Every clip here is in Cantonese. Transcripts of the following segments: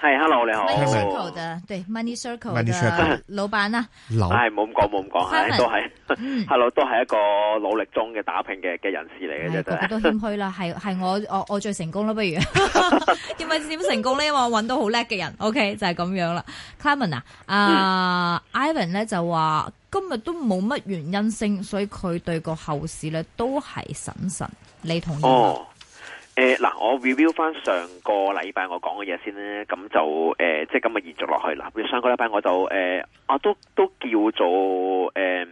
係，hello 你好 Hello.，Money Circle 嘅對 Money Circle 的老闆啊，唔好咁講冇咁講，都係，hello、嗯、都係一個努力中嘅打拼嘅嘅人士嚟嘅啫，哎就是、都都謙虛啦，係 係我我我最成功囉。不如點解點成功咧？因為我揾到好叻嘅人，OK 就係咁樣啦 Clement 啊，啊、呃嗯、Ivan 咧就話今日都冇乜原因升，所以佢對個後市咧都係審慎，你同意誒、呃、嗱，我 review 翻上個禮拜我講嘅嘢先咧，咁就誒、呃，即係今日延續落去啦。上個禮拜我就誒、呃，我都都叫做誒。呃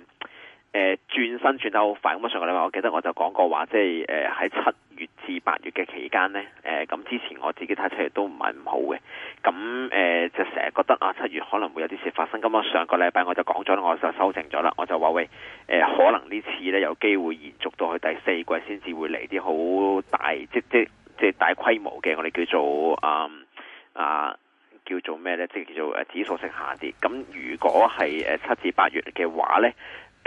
誒，轉身轉得好快。咁上個禮拜我記得我就講過話，即係誒喺七月至八月嘅期間呢。誒咁之前我自己睇出嚟，都唔係唔好嘅。咁誒就成日覺得啊，七月可能會有啲事發生。咁我上個禮拜我就講咗，我就修正咗啦。我就話喂，誒可能呢次呢，有機會延續到去第四季先至會嚟啲好大，即，即即即係大規模嘅。我哋叫做、嗯、啊啊叫做咩呢？即叫做指數性下跌。咁如果係誒七至八月嘅話呢。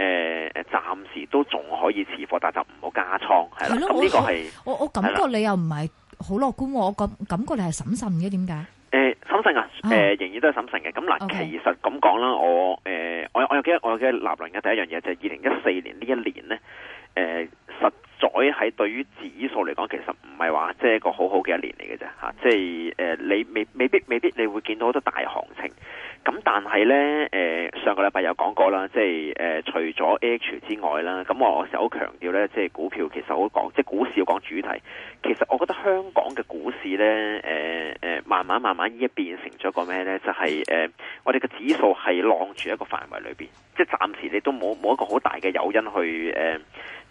誒誒，暫時都仲可以持貨，但就唔好加倉。係咯，咁呢個係我我感覺你又唔係好樂觀，我感感覺你係審慎嘅，點解？誒、呃，審慎啊，誒、哦，仍然都係審慎嘅。咁嗱，其實咁講啦，我誒、呃，我有幾個，我有幾個立論嘅，第一樣嘢，就係二零一四年呢一年咧，誒、呃，實在喺對於指數嚟講，其實唔係話即係一個好好嘅一年嚟嘅啫吓，即係誒、呃，你未未必未必你會見到好多大行情。咁但係咧、呃，上個禮拜有講過啦，即係、呃、除咗 H 之外啦，咁我好強調咧，即係股票其實好講，即係股市要講主題。其實我覺得香港嘅股市咧、呃呃，慢慢慢慢依家變成咗個咩咧？就係、是、誒、呃、我哋嘅指數係浪住一個範圍裏面，即係暫時你都冇冇一個好大嘅誘因去誒、呃、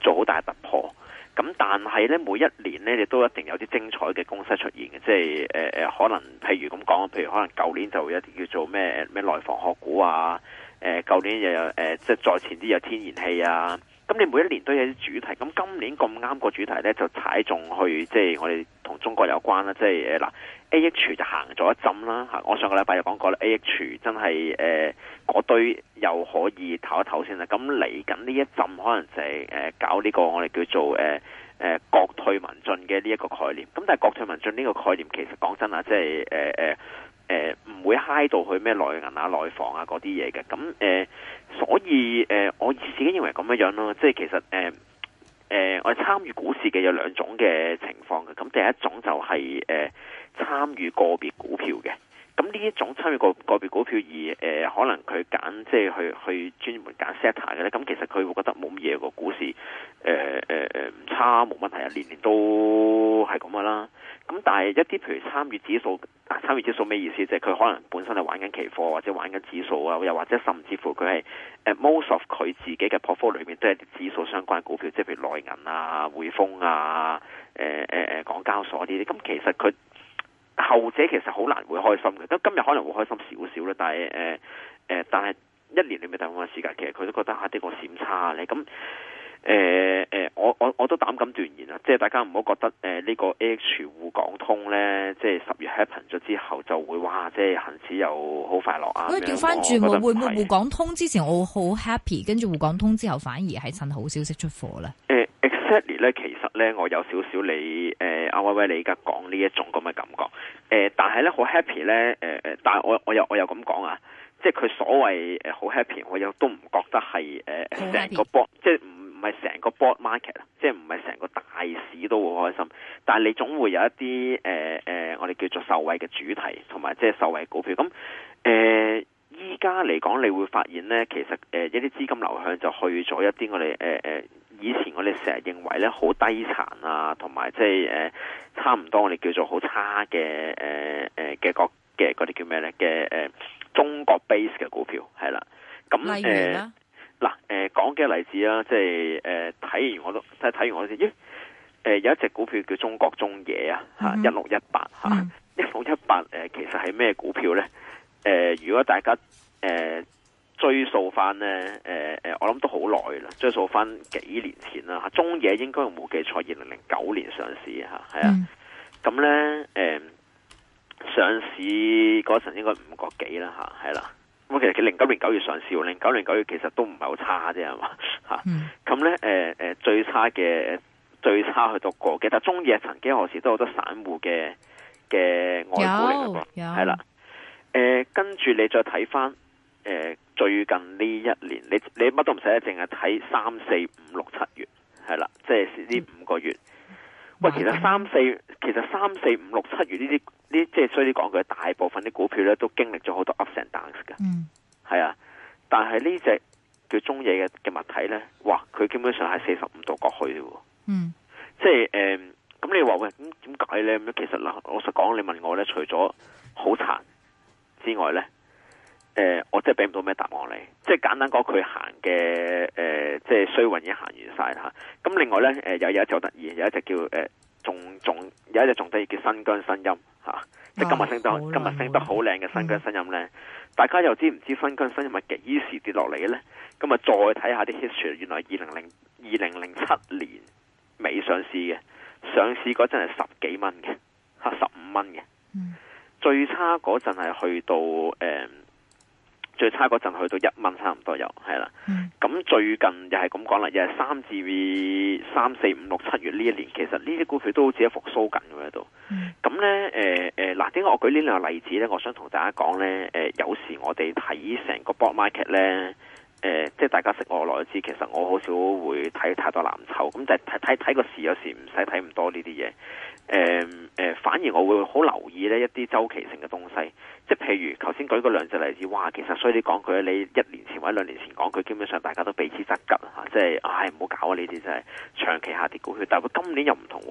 做好大突破。咁但係咧，每一年咧，你都一定有啲精彩嘅公司出現嘅，即係、呃、可能譬如咁講，譬如可能舊年就一啲叫做咩咩內房殼股啊，誒、呃、舊年又有誒即係再前啲有天然氣啊。咁你每一年都有啲主題，咁今年咁啱個主題呢，就踩中去，即係我哋同中國有關啦，即係嗱，A H 就行咗一陣啦嚇，我上個禮拜又講過啦，A H 真係誒嗰堆又可以唞一唞先啦，咁嚟緊呢一陣可能就係誒搞呢個我哋叫做誒誒國退民進嘅呢一個概念，咁但係國退民進呢個概念其實講真啊，即係誒誒、呃，唔會 high 到去咩內銀啊、內房啊嗰啲嘢嘅，咁誒、呃，所以誒、呃，我自己認為咁樣樣咯，即係其實誒誒、呃呃，我參與股市嘅有兩種嘅情況嘅，咁第一種就係誒參與個別股票嘅。咁呢一種參與個個別股票而、呃、可能佢揀即係去去專門揀 sector 嘅咧。咁其實佢會覺得冇乜嘢個股市誒唔、呃呃、差，冇問題。啊，年年都係咁噶啦。咁但係一啲譬如參與指數，啊、參與指數咩意思？即係佢可能本身係玩緊期貨，或者玩緊指數啊，又或者甚至乎佢係 most of 佢自己嘅 portfolio 裏面都係啲指數相關股票，即係譬如內銀啊、匯豐啊、呃、港交所啲啲。咁其實佢。後者其實好難會開心嘅，咁今日可能會開心少少咧，但係誒誒，但係一年你未等我嘅時間，其實佢都覺得嚇呢個閃差咧。咁誒誒，我我我都膽敢斷言啦，即係大家唔好覺得誒呢個 H 互港通咧，即係十月 happen 咗之後就會哇，即係行市又好快樂啊！咁調翻轉，會唔會互港通之前我好 happy，跟住互港通之後反而係趁好消息出貨咧？呃呢一年咧，其實咧，我有少少、啊、你，誒，阿威威你而家講呢一種咁嘅感覺，誒、呃，但係咧好 happy 咧，誒誒，但係我我又我又咁講啊，即係佢所謂誒好 happy，我又都唔覺得係誒成個波，即係唔唔係成個 board market，即係唔係成個大市都會開心，但係你總會有一啲誒誒，我哋叫做受惠嘅主題，同埋即係受惠股票，咁誒，依家嚟講你會發現咧，其實誒、呃、一啲資金流向就去咗一啲我哋誒誒。呃以前我哋成日認為咧好低殘啊，同埋即係誒差唔多，我哋叫做好差嘅誒誒嘅個嘅嗰啲叫咩咧？嘅誒、呃、中國 base 嘅股票係啦，咁例如啦，嗱誒講嘅例子啦，即係誒睇完我都睇睇完我先，誒、呃、有一隻股票叫中國中冶啊，吓一六一八吓一六一八，誒、啊嗯啊、其實係咩股票咧？誒、呃、如果大家誒。呃追溯翻咧，誒、呃、誒，我諗都好耐啦。追溯翻幾年前啦，嚇中冶應該冇記錯，二零零九年上市嚇，係啊。咁咧誒，上市嗰陣應該五個幾啦嚇，係啦、啊。咁其實佢零九年九月上市，零九年九月其實都唔係好差啫，係嘛嚇。咁咧誒誒，最差嘅最差去到過嘅，但中冶曾經何時都有好多散戶嘅嘅外股嚟嘅喎，係啦。誒，跟住、啊呃、你再睇翻誒。呃最近呢一年，你你乜都唔使，淨係睇三四五六七月係啦，即係呢五個月、嗯。喂，其實三四其實三四五六七月呢啲呢，即係衰啲講佢大部分啲股票咧，都經歷咗好多 ups and downs 嘅，嗯，係啊。但係呢隻叫中野嘅嘅物體咧，哇，佢基本上係四十五度角去嘅，嗯，即係誒，咁、嗯、你話喂，咁點解咧？咁其實老實講，你問我咧，除咗好殘之外咧。誒、呃，我真係俾唔到咩答案你，即係簡單講佢行嘅，誒，即係衰運已經行完晒啦。咁另外呢，誒、呃，有一隻得意，有一隻叫誒，仲有一隻得意叫新疆新音。吓、啊，即係今日升得、啊、今日升得好靚嘅新疆新音呢，嗯、大家又知唔知新疆新音係幾時跌落嚟呢？咁啊，再睇下啲 history，原來二零零二零零七年尾上市嘅，上市嗰陣係十幾蚊嘅，吓十五蚊嘅，最差嗰陣係去到誒。嗯最差嗰陣去到一蚊差唔多有，係啦。咁、嗯、最近又係咁講啦，又係三至三四五六七月呢一年，其實呢啲股票都好似復甦緊咁喺度。咁、嗯、呢，誒、呃、誒，嗱、呃，點解我舉呢兩個例子呢？我想同大家講呢，誒、呃，有時我哋睇成個 board market 呢，誒、呃，即係大家識我耐啲，其實我好少會睇太多藍籌，咁就睇睇個市，有時唔使睇咁多呢啲嘢。誒、嗯、誒、呃，反而我會好留意呢一啲周期性嘅東西，即係譬如頭先舉嗰兩隻例子，哇，其實所以你講佢，你一年前或者兩年前講佢，基本上大家都避之則吉啊，即係唉唔好搞啊，呢啲真係長期下跌股票，但係今年又唔同，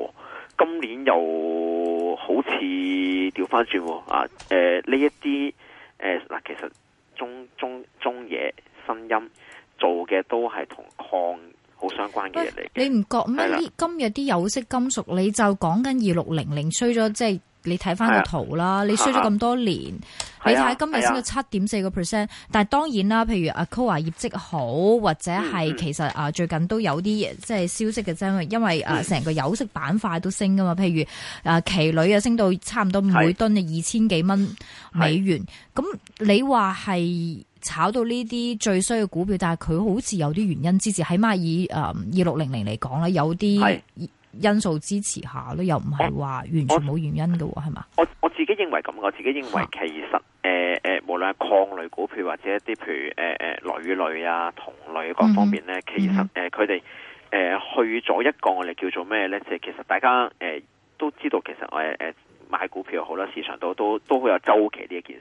今年又好似掉返轉啊！誒、呃、呢一啲誒嗱，其實中中中野新音做嘅都係同抗。好相關嘅嘢嚟你唔覺咩？今日啲有色金屬，你就講緊二六零零衰咗，即、就、係、是、你睇翻個圖啦。你衰咗咁多年，你睇下今日升到七點四個 percent。但係當然啦，譬如 Alcoa 業績好，或者係其實啊最近都有啲嘢，即係消息嘅啫、嗯。因為啊，成個有色板塊都升噶嘛。譬如、嗯、啊，期鋁啊，升到差唔多每噸二千幾蚊美元。咁你話係？炒到呢啲最衰嘅股票，但係佢好似有啲原因支持，起碼以誒二六零零嚟講咧，有啲因素支持下咯，又唔係話完全冇原因嘅係嘛？我我，我，我自己認為咁，我自己認為其實誒誒、啊呃，無論係礦類股票或者一啲譬如誒誒鋁類啊、銅類各方面咧、嗯，其實誒佢哋誒去咗一個我哋叫做咩咧？即係其實大家誒都知道，其實我誒買股票好多市場都都都好有週期呢一件事。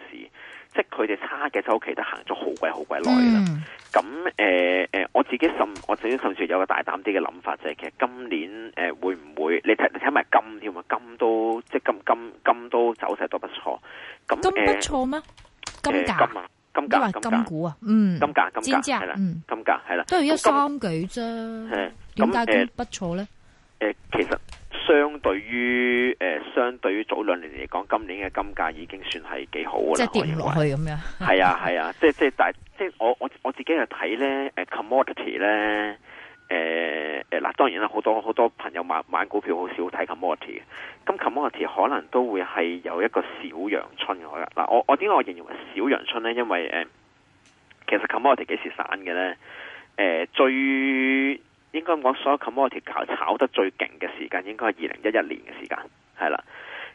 即佢哋差嘅周期都行咗好鬼好鬼耐啦。咁誒誒，我自己甚，我自己甚至有一個大膽啲嘅諗法，就係其實今年誒會唔會？你睇你睇埋金添啊，金都即金金金都走勢都不錯。咁、嗯、金不錯咩？金價金係金,金,金股啊？嗯，金價金價係啦，金價係啦，都係一三幾啫。點解佢不錯咧？嗯嗯對於誒、呃，相對於早兩年嚟講，今年嘅金價已經算係幾好嘅啦。即係跌落去咁樣。係、嗯、啊，係啊，啊，即即但即我我我自己去睇咧，誒 commodity 咧，誒誒嗱，當然啦，好多好多朋友買買股票好少睇 commodity，咁 commodity 可能都會係有一個小陽春嘅。嗱，我我我點解我形容為，為小陽春咧？因為誒、呃，其實 commodity 幾時散嘅咧？誒、呃、最。應該咁講，所有 commodity 炒得最勁嘅時間，應該係二零一一年嘅時間，係啦。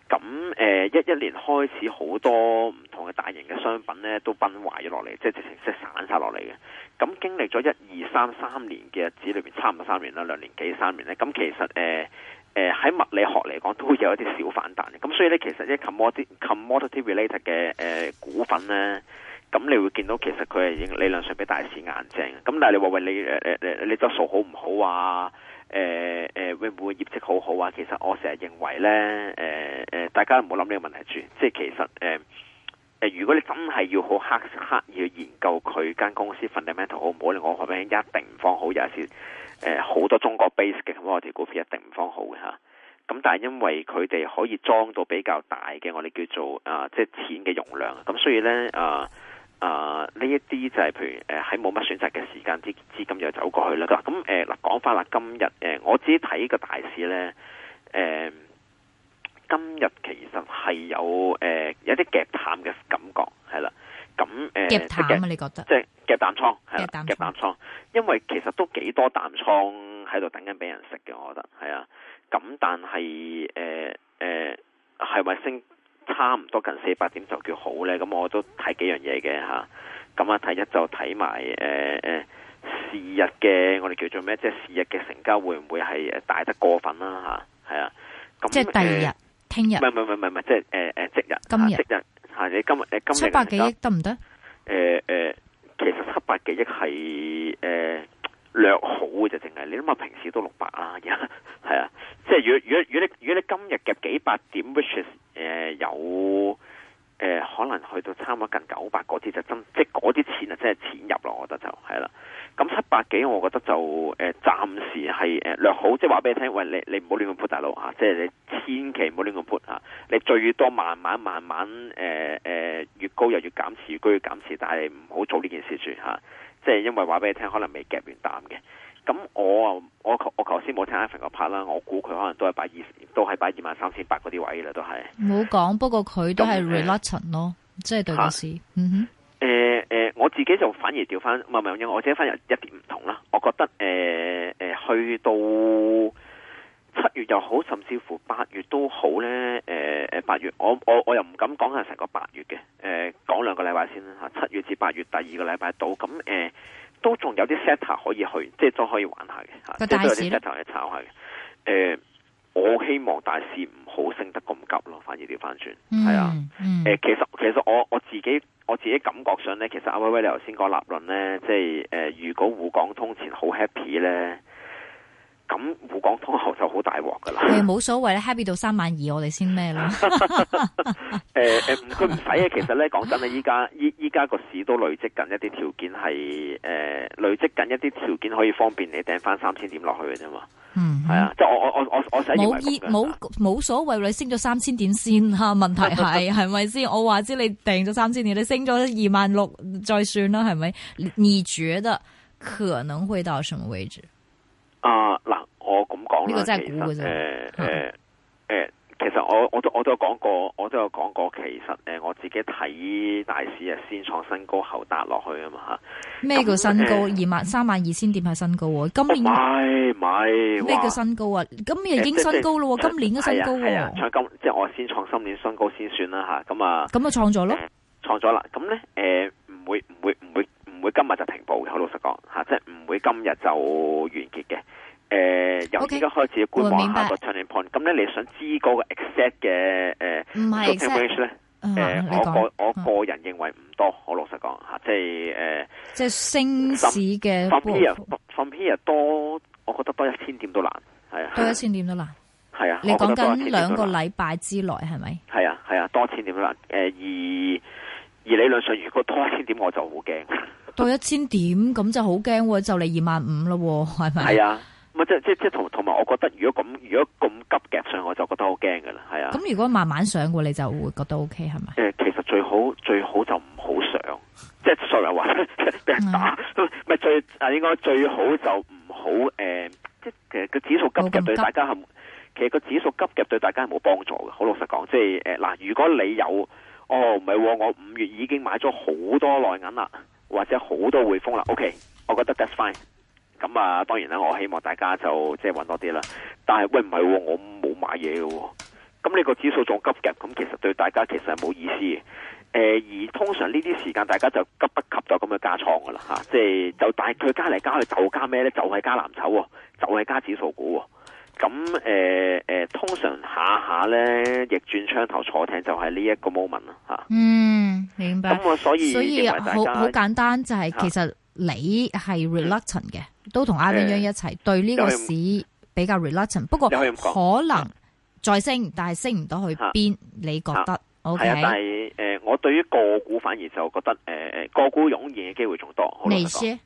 咁誒，一、呃、一年開始好多唔同嘅大型嘅商品咧，都崩壞咗落嚟，即係直情即係散晒落嚟嘅。咁經歷咗一二三三年嘅日子裏面，裏邊差唔多三年啦，兩年幾三年咧。咁其實誒誒喺物理學嚟講，都會有一啲小反彈嘅。咁所以咧，其實啲 commodity commodity related 嘅誒、呃、股份咧。咁你會見到其實佢係已經理論上俾大市硬淨，咁但係你話喂，你誒誒誒你質素好唔好啊？誒、呃、誒、呃、會唔會業績好好啊？其實我成日認為咧誒誒，大家唔好諗呢個問題住，即係其實誒誒、呃呃，如果你真係要好刻意去研究佢間公司 fundamental 好唔好，我可唔可以一定唔放好？有時誒好多中國 base 嘅咁我哋股票一定唔放好嘅嚇。咁但係因為佢哋可以裝到比較大嘅我哋叫做啊、呃、即係錢嘅容量，咁所以咧啊～、呃啊、呃！呢一啲就係譬如誒，喺冇乜選擇嘅時間之，啲資金又走過去喇。咁誒嗱，講返啦，今日誒、呃，我只睇個大市呢。誒、呃，今日其實係有誒、呃、有啲夾淡嘅感覺，係啦。咁、嗯、誒、呃，夾淡啊！你覺得即係、就是、夾淡倉係啦，夾淡倉，夾淡倉，因為其實都幾多淡倉喺度等緊俾人食嘅，我覺得係啊。咁但係誒係咪升？呃呃是差唔多近四百點就叫好咧，咁我都睇幾樣嘢嘅嚇。咁啊，第一就睇埋誒誒，是、呃、日嘅我哋叫做咩？即係是日嘅成交會唔會係大得過分啦？嚇，係啊。咁、啊、即係第二日、聽、呃、日。唔係唔係唔係唔係，即係誒誒即日。今日、啊、即日係你今日，誒今日、呃、七百幾億得唔得？誒、呃、誒，其實七百幾億係誒。呃略好嘅就淨係，你諗下平時都六百啦，係啊，即係如果如果你如果你今日嘅幾百點，which is 誒有誒、呃、可能去到差唔多近九百嗰啲就真即係嗰啲錢啊，真係錢入咯，我覺得就係啦。咁七百幾，我覺得就誒暫、呃、時係誒、呃、略好，即係話俾你聽，喂，你你唔好亂咁 put 大佬啊，即係你千祈唔好亂咁 put 啊，你最多慢慢慢慢誒誒、呃呃、越高又越減持，越高越減持，但係唔好做呢件事住吓。啊即係因為話俾你聽，可能未夾完蛋嘅。咁我我我頭先冇聽阿 Vin 個 part 啦，我估佢可能都係擺二，都係擺二萬三千八嗰啲位啦，都係冇講。不過佢都係 relation 咯，即、嗯、係、就是、對股市、啊。嗯哼。誒、呃、誒、呃，我自己就反而調翻，唔係唔係咁樣。我自己反而一點唔同啦。我覺得誒誒、呃呃，去到。七月又好，甚至乎八月都好咧。誒、呃、誒，八月我我我又唔敢講係成個八月嘅。誒、呃，講兩個禮拜先啦吓，七月至八月第二個禮拜到。咁誒、呃，都仲有啲 setter 可以去，即係都可以玩下嘅。個大市即係都有啲 setter 炒下嘅。誒、呃，我希望大市唔好升得咁急咯，反而調翻轉。係、嗯、啊。誒、嗯呃，其實其實我我自己我自己感覺上咧，其實阿威威你頭先個立論咧，即係誒、呃，如果滬港通前好 happy 咧。咁滬港通後就好大鑊噶啦，誒，冇所謂咧，happy 到三萬二我、 呃，我哋先咩啦？誒誒，佢唔使嘅。其實咧，講真咧，依家依依家個市都累積緊一啲條件，係誒、呃、累積緊一啲條件，可以方便你掟翻三千點落去嘅啫嘛。嗯，係啊，即係我我我我我唔使冇冇所謂，你升咗三千點先吓，問題係係咪先？我話知你掟咗三千點，你升咗二萬六再算啦，係咪？你覺得可能會到什麼位置？我咁講呢個真係估嘅啫。誒誒誒，其實我我都我都有講過，我都有講過。其實誒，我自己睇大市係先創新高後踏落去啊嘛吓。咩叫新高？二萬三萬二千點係新高喎、哦。今年唔係係咩叫新高啊？呃、今日已經新高咯、呃，今年嘅新高。係、呃、啊，係、呃呃、今即係我先創新年新高先算啦吓。咁啊，咁、嗯呃、啊，創咗咯。創咗啦。咁咧誒，唔會唔會唔會唔會今日就停步？好老實講吓，即係唔會今日就完結嘅。誒、呃，由而家開始觀望下個 training point 咁咧你想知嗰個 exact 嘅誒咧？誒、呃 uh, 嗯呃，我個我,、嗯、我個人認為唔多，我老實講吓，即係誒，uh, 即係升市嘅 from here，from here 多，我覺得多一千點都難，係啊，多一千點都難，係啊。你講緊兩個禮拜之內係咪？係啊，係啊，多一千點都難。誒，而而理論上，如果多一千點，我就好驚。多一千點咁就好驚，就嚟二萬五啦，係咪？係啊。即同埋，我覺得如果咁，如果咁急夾上，我就覺得好驚㗎啦。係啊。咁如果慢慢上，你就會覺得 OK 係咪、呃？其實最好最好就唔好上，即係雖然話俾人打唔、 嗯、最應應該最好就唔好誒，即、呃、係其實個指數急夾對大家係其實個指數急夾對大家係冇幫助嘅。好老實講，即係嗱、呃，如果你有哦唔係我五月已經買咗好多內銀啦，或者好多匯豐啦，OK，我覺得 that's fine。咁啊，當然啦，我希望大家就即係搵多啲啦。但係喂，唔係、哦、我冇買嘢嘅、哦，咁呢個指數仲急夾，咁其實對大家其實係冇意思嘅。誒、呃，而通常呢啲時間，大家就急不及待咁樣加倉噶啦吓，即係就但係佢加嚟加去就加咩咧？就係、是、加藍籌喎、哦，就係、是、加指數股、哦。咁誒誒，通常下下咧逆轉槍頭坐艇就係呢一個 moment 啦吓。嗯，明白。咁、啊、我所以所以好好簡單就係、是、其實。你係 reluctant 嘅、嗯，都同阿 v 一齊、呃、對呢個市比較 reluctant、呃。不過可能再升，呃、但係升唔到去邊、呃？你覺得、呃、？o、okay? k 但係誒、呃，我對於個股反而就覺得誒、呃、個股湧現嘅機會仲多。未輸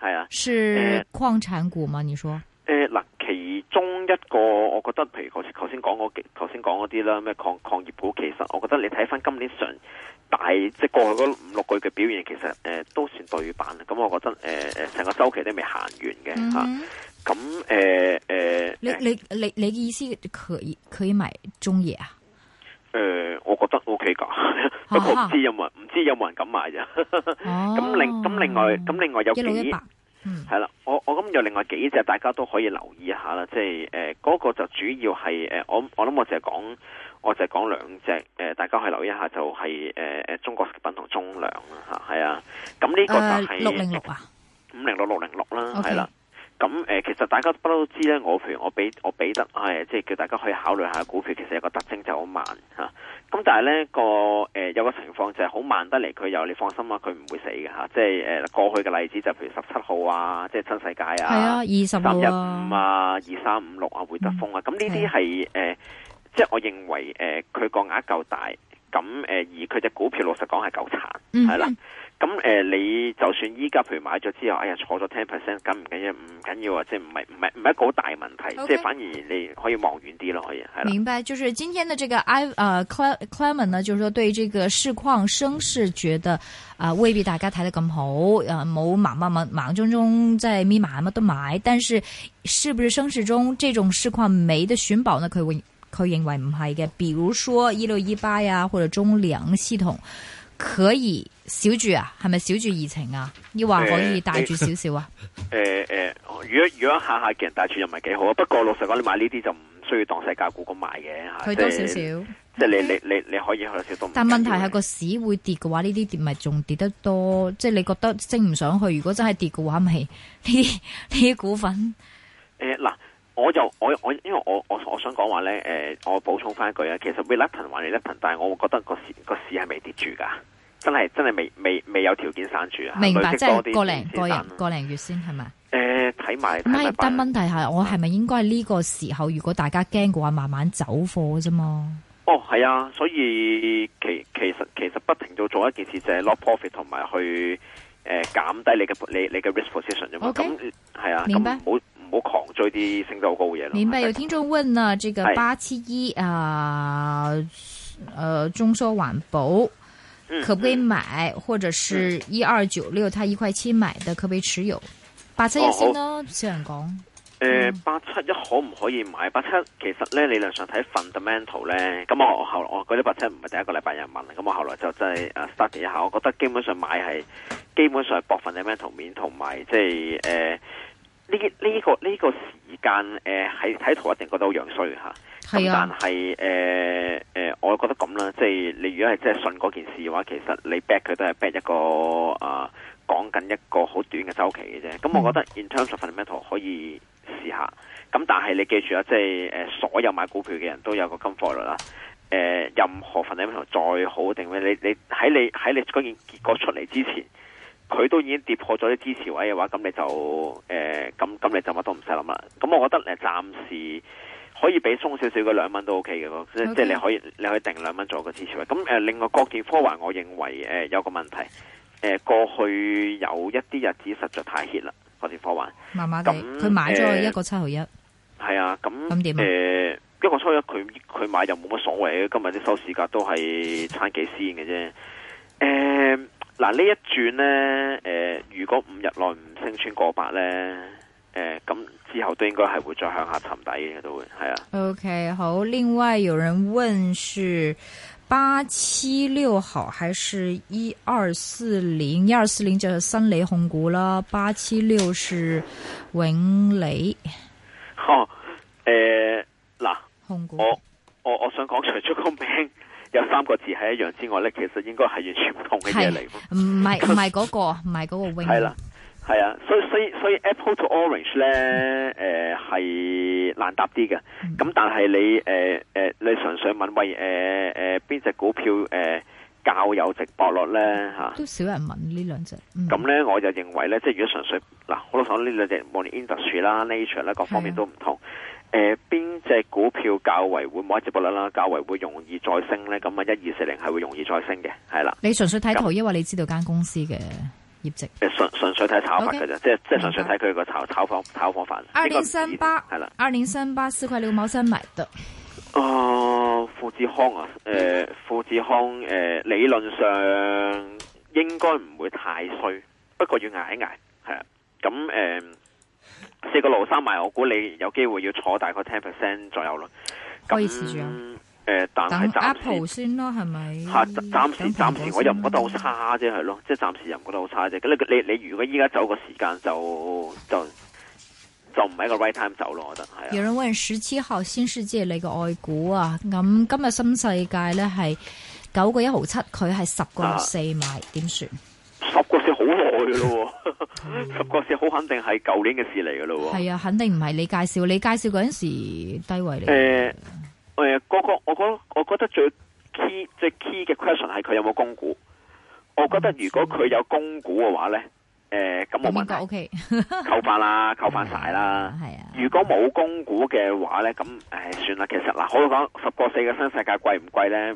係啊，呃、是礦產股嗎？你說？其中一個，我覺得，譬如頭先講嗰頭先講嗰啲啦，咩礦礦業股，其實我覺得你睇翻今年上大，即係過去嗰五六個月嘅表現，其實誒呃都算對版。咁我覺得誒誒，嗯嗯，成個週期都未行完嘅嚇。咁誒誒，你你你你嘅意思可以可以買中嘢啊？誒呃，我覺得 OK 㗎，咁唔知有冇人唔知有冇人敢買啫。咁另咁另外咁另外有幾？一嗯，係啦，我我諗有另外幾隻，大家都可以留意一下啦。即係誒，嗰、呃那個就主要係誒，我我諗我淨係講，我淨係講兩隻誒、呃，大家可以留意一下就係誒誒，中國食品同中糧啦吓，係啊。咁呢個就係六零六啊，五零六六零六啦，係啦、okay。咁誒，其實大家不嬲都知咧，我譬如我俾我俾得，係、啊、即係叫大家去考慮下，股票其實有個特徵就好慢吓。咁、啊、但係咧個誒、呃、有個情況就係好慢得嚟，佢又你放心啊，佢唔會死嘅吓。即係誒過去嘅例子就譬如十七號啊，即係新世界啊，係啊，二十號啊，二三五六啊，會德豐啊，咁呢啲係誒，即係我認為誒，佢個額夠大，咁誒而佢隻股票老實講係夠殘係啦。咁、嗯、誒、呃，你就算依家譬如買咗之後，哎呀，錯咗 ten percent，緊唔緊要？唔緊要啊，即係唔係唔係唔係一個好大問題，okay. 即係反而你可以望遠啲咯，可以，係啦。明白，就是今天的這個 I 誒、呃、Clement 呢，就是說對這個市況升勢覺得啊、呃、未必大家睇得咁好，誒冇盲盲盲盲中中在咪買乜都買，但是是不是升市中這種市況，冇得尋寶呢？佢會，佢認為唔係嘅，比如說一六一八呀，或者中糧系統。可以少住啊？係咪少住疫情啊？要話可以帶住少少啊？誒、欸、誒、欸欸，如果如果下下人帶住又唔係幾好啊。不過老實講，你買呢啲就唔需要當世界股咁買嘅吓。佢多少少，即係你你你你可以去少。但問題係個市會跌嘅話，呢啲跌咪仲跌得多。即係你覺得升唔上去，如果真係跌嘅話，咪呢呢啲股份誒嗱。欸我就我我因為我我我想講話咧，誒、呃，我補充翻一句啊，其實 relatin 還 relatin，但係我會覺得個市個市係未跌住噶，真係真係未未未有條件散住啊。明白，即係個零個零月先係咪？誒，睇、呃、埋。但問題係我係咪應該呢個時候，如果大家驚嘅話，慢慢走貨啫嘛？哦，係啊，所以其其實其實不停做做一件事，就係攞 profit 同埋去誒減、呃、低你嘅你你嘅 risk position 啫嘛。咁、okay? 係啊，咁唔唔好狂追啲升得好高嘢咯。明白？有聽眾問呢，這個 871,、呃呃嗯嗯、八七一啊，誒、哦，中收環保可不可以買？或者是一二九六，他一塊七買的可不可以持有？八七一先咯，先講。誒，嗯嗯、八七一可唔可以買？八七其實咧理論上睇 fundamental 咧，咁我後來我啲八七唔係第一個禮拜有人問，咁我後來就真係誒 study 一下，我覺得基本上買係，基本上係博 fundamental 面，同埋即係誒。呃呢、這、呢個呢、這個時間誒，喺、呃、睇圖一定覺得好樣衰嘅咁、啊、但係誒誒，我覺得咁啦，即係你如果係即係信嗰件事嘅話，其實你 back 佢都係 back 一個啊，講、呃、緊一個好短嘅周期嘅啫。咁我覺得 in terms of fundamental 可以試下。咁但係你記住啦，即係誒所有買股票嘅人都有個金貨率啦。誒、呃，任何 fundamental 再好定咩，你你喺你喺你嗰件結果出嚟之前。佢都已經跌破咗啲支持位嘅話，咁你就誒咁咁你就乜都唔使諗啦。咁我覺得誒暫時可以俾鬆少少嘅兩蚊都 OK 嘅咯，即係你可以你可以定兩蚊做個支持位。咁、呃、另外國電科環，我認為、呃、有個問題、呃、過去有一啲日子實在太 hit 啦國電科環。慢慢哋，佢買咗一個七毫一。係、呃、啊，咁咁點啊？一個七毫一佢佢買就冇乜所謂，今日啲收市價都係差幾仙嘅啫。呃嗱呢一轉咧，誒、呃，如果五日內唔升穿過百咧，誒、呃，咁之後都應該係會再向下沉底嘅，都會係啊。OK，好，另外有人問是八七六號，還是一二四零？一二四零就係新理控股啦，八七六是永理。哦，誒、呃，嗱，我我我想講除咗個名。有三個字係一樣之外咧，其實應該係完全唔同嘅嘢嚟。唔係唔係嗰個，唔係嗰個 wing、啊。係啦，係啊。所以所以所以 Apple 同 Orange 咧，誒、嗯、係、呃、難答啲嘅。咁、嗯、但係你誒誒、呃呃，你純粹問喂誒誒邊隻股票誒較、呃、有值博率咧嚇？都少人問這兩隻、嗯、呢兩隻。咁咧我就認為咧，即係如果純粹嗱，我落手呢兩隻，無論 Industry 啦、Nature 咧，各方面都唔同。誒、呃，邊隻股票較為會冇一直不甩啦？較為容會容易再升咧？咁啊，一二四零係會容易再升嘅，係啦。你純粹睇圖、嗯，抑或你知道間公司嘅業績？純純純粹睇炒法噶啫、okay，即係即係純粹睇佢個炒炒炒方法。二零三八係啦，二零三八四塊六毛三買的。哦、呃，富智康啊，誒、呃，富智康誒、呃，理論上應該唔會太衰，不過要挨一挨，係啊，咁誒。呃四個羅三埋，我估你有機會要坐大概 ten percent 左右咯。可以試住、呃。但係 Apple 先咯，係咪？暫時、啊、暫時我又唔覺得好差啫，係咯，即係暫時又唔覺得好差啫。咁你你你如果依家走個時間就就就唔係一個 right time 走咯，我覺得係。有人問十七號新世界，你個外股啊，咁今日新世界咧係九個一毫七，佢係十個四買，點算？好耐嘅咯，十個四好肯定係舊年嘅事嚟嘅咯。係啊，肯定唔係你介紹， 你介紹嗰陣時低位嚟。誒、欸、誒，嗰、嗰個我覺得，我覺得最 key 即係 key 嘅 question 係佢有冇供股、嗯。我覺得如果佢有供股嘅話咧，誒，咁冇問題。O K，夠翻啦，夠翻曬啦。係 啊，啊。如果冇供股嘅話咧，咁誒算啦。其實嗱，好講十個四嘅新世界貴唔貴咧？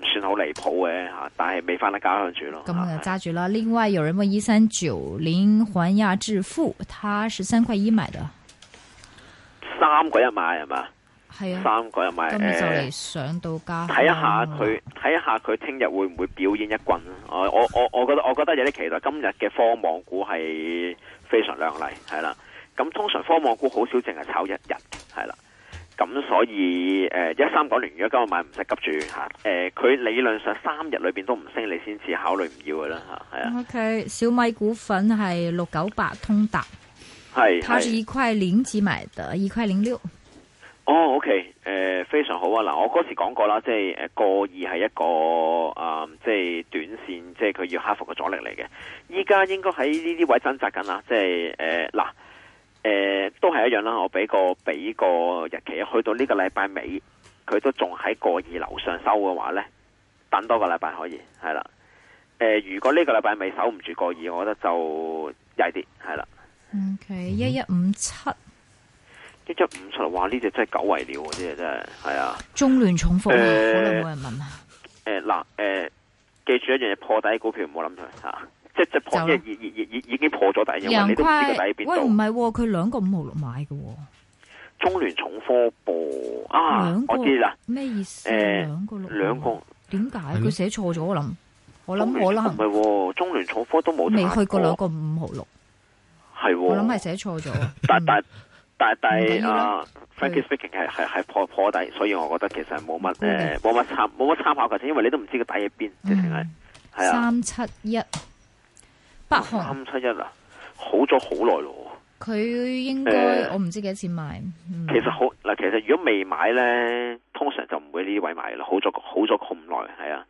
唔算好離譜嘅吓，但係未翻得家鄉住咯。咁就揸住啦！另外有人問一三九零環亞致富，他十三塊一買嘅，三個一買係嘛？係啊，三個一買。咁就嚟上到家。睇、呃、下佢，睇下佢聽日會唔會表演一棍？我我我覺得我覺得有啲期待。今日嘅科網股係非常靚麗，係啦。咁通常科網股好少淨係炒一日，係啦。咁所以誒一三九元如果今日買唔使急住嚇誒佢理論上三日裏邊都唔升你先至考慮唔要嘅啦嚇係啊。OK，小米股份係六九八通達，係，係。佢係一塊零幾買的，一塊零六。哦，O K 誒非常好啊！嗱，我嗰時講過啦，即係誒過二係一個啊、呃，即係短線，即係佢要克服嘅阻力嚟嘅。依家應該喺呢啲位掙扎緊、呃、啦，即係誒嗱。誒、呃，都係一樣啦。我俾個俾個日期，去到呢個禮拜尾，佢都仲喺過二樓上收嘅話呢，等多個禮拜可以係啦。誒、呃，如果呢個禮拜尾守唔住過二，我覺得就曳啲係啦。OK，一一五七，一一五七，哇！呢隻真係久違了，啲嘢真係係啊。中聯重科、呃，可能冇人問啊。誒、呃，嗱、呃，誒、呃，記住一樣嘢，破底股票唔好諗佢。吓。啊即係破，即係已已已已已經破咗底，因為你都唔知個底喺邊喂，唔係、啊，佢兩個五毫六買嘅、啊。中聯重科破啊、欸嗯、啊！我知啦，咩意思？兩個六，兩個點解佢寫錯咗？我諗，我諗可能唔係。中聯重科都冇未去過兩個五毫六，係我諗係寫錯咗。但、嗯、但 但但啊，Frankly Speaking 係係係破破底，所以我覺得其實冇乜誒，冇乜參冇乜參考價值，因為你都唔知個底喺邊，直情係係啊三七一。三七一啊，好咗好耐咯。佢應該、呃、我唔知幾多錢買。嗯、其實好嗱，其實如果未買呢，通常就唔會呢啲位買啦。好咗好咗咁耐，係啊。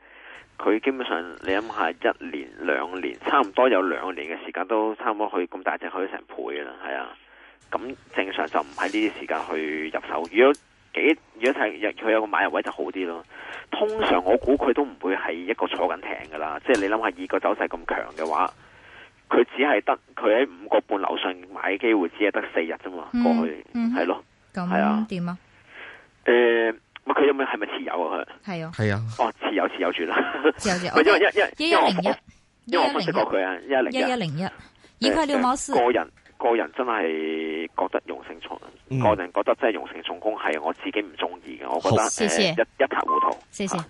佢基本上你諗下，一年兩年差唔多有兩年嘅時間都差唔多去咁大隻，去成倍啦，係啊。咁正常就唔喺呢啲時間去入手。如果幾如果睇佢有個買入位就好啲咯。通常我估佢都唔會係一個坐緊艇噶啦，即係你諗下，二個走勢咁強嘅話。佢只係得佢喺五個半樓上買機會隻，只係得四日啫嘛。過去係咯，係、嗯、啊，點啊？誒、嗯，咪佢有咩係咪持有啊？佢係啊，係啊，哦，持有持有住啦。持有住，咪、嗯嗯、因為一一一一零一，因為我識過佢啊，一一零一，一一零一，二塊六毛四。個人個人真係覺得熔盛重、嗯，個人覺得真係熔盛重工係我自己唔中意嘅。我覺得誒，一一塌糊塗。謝謝。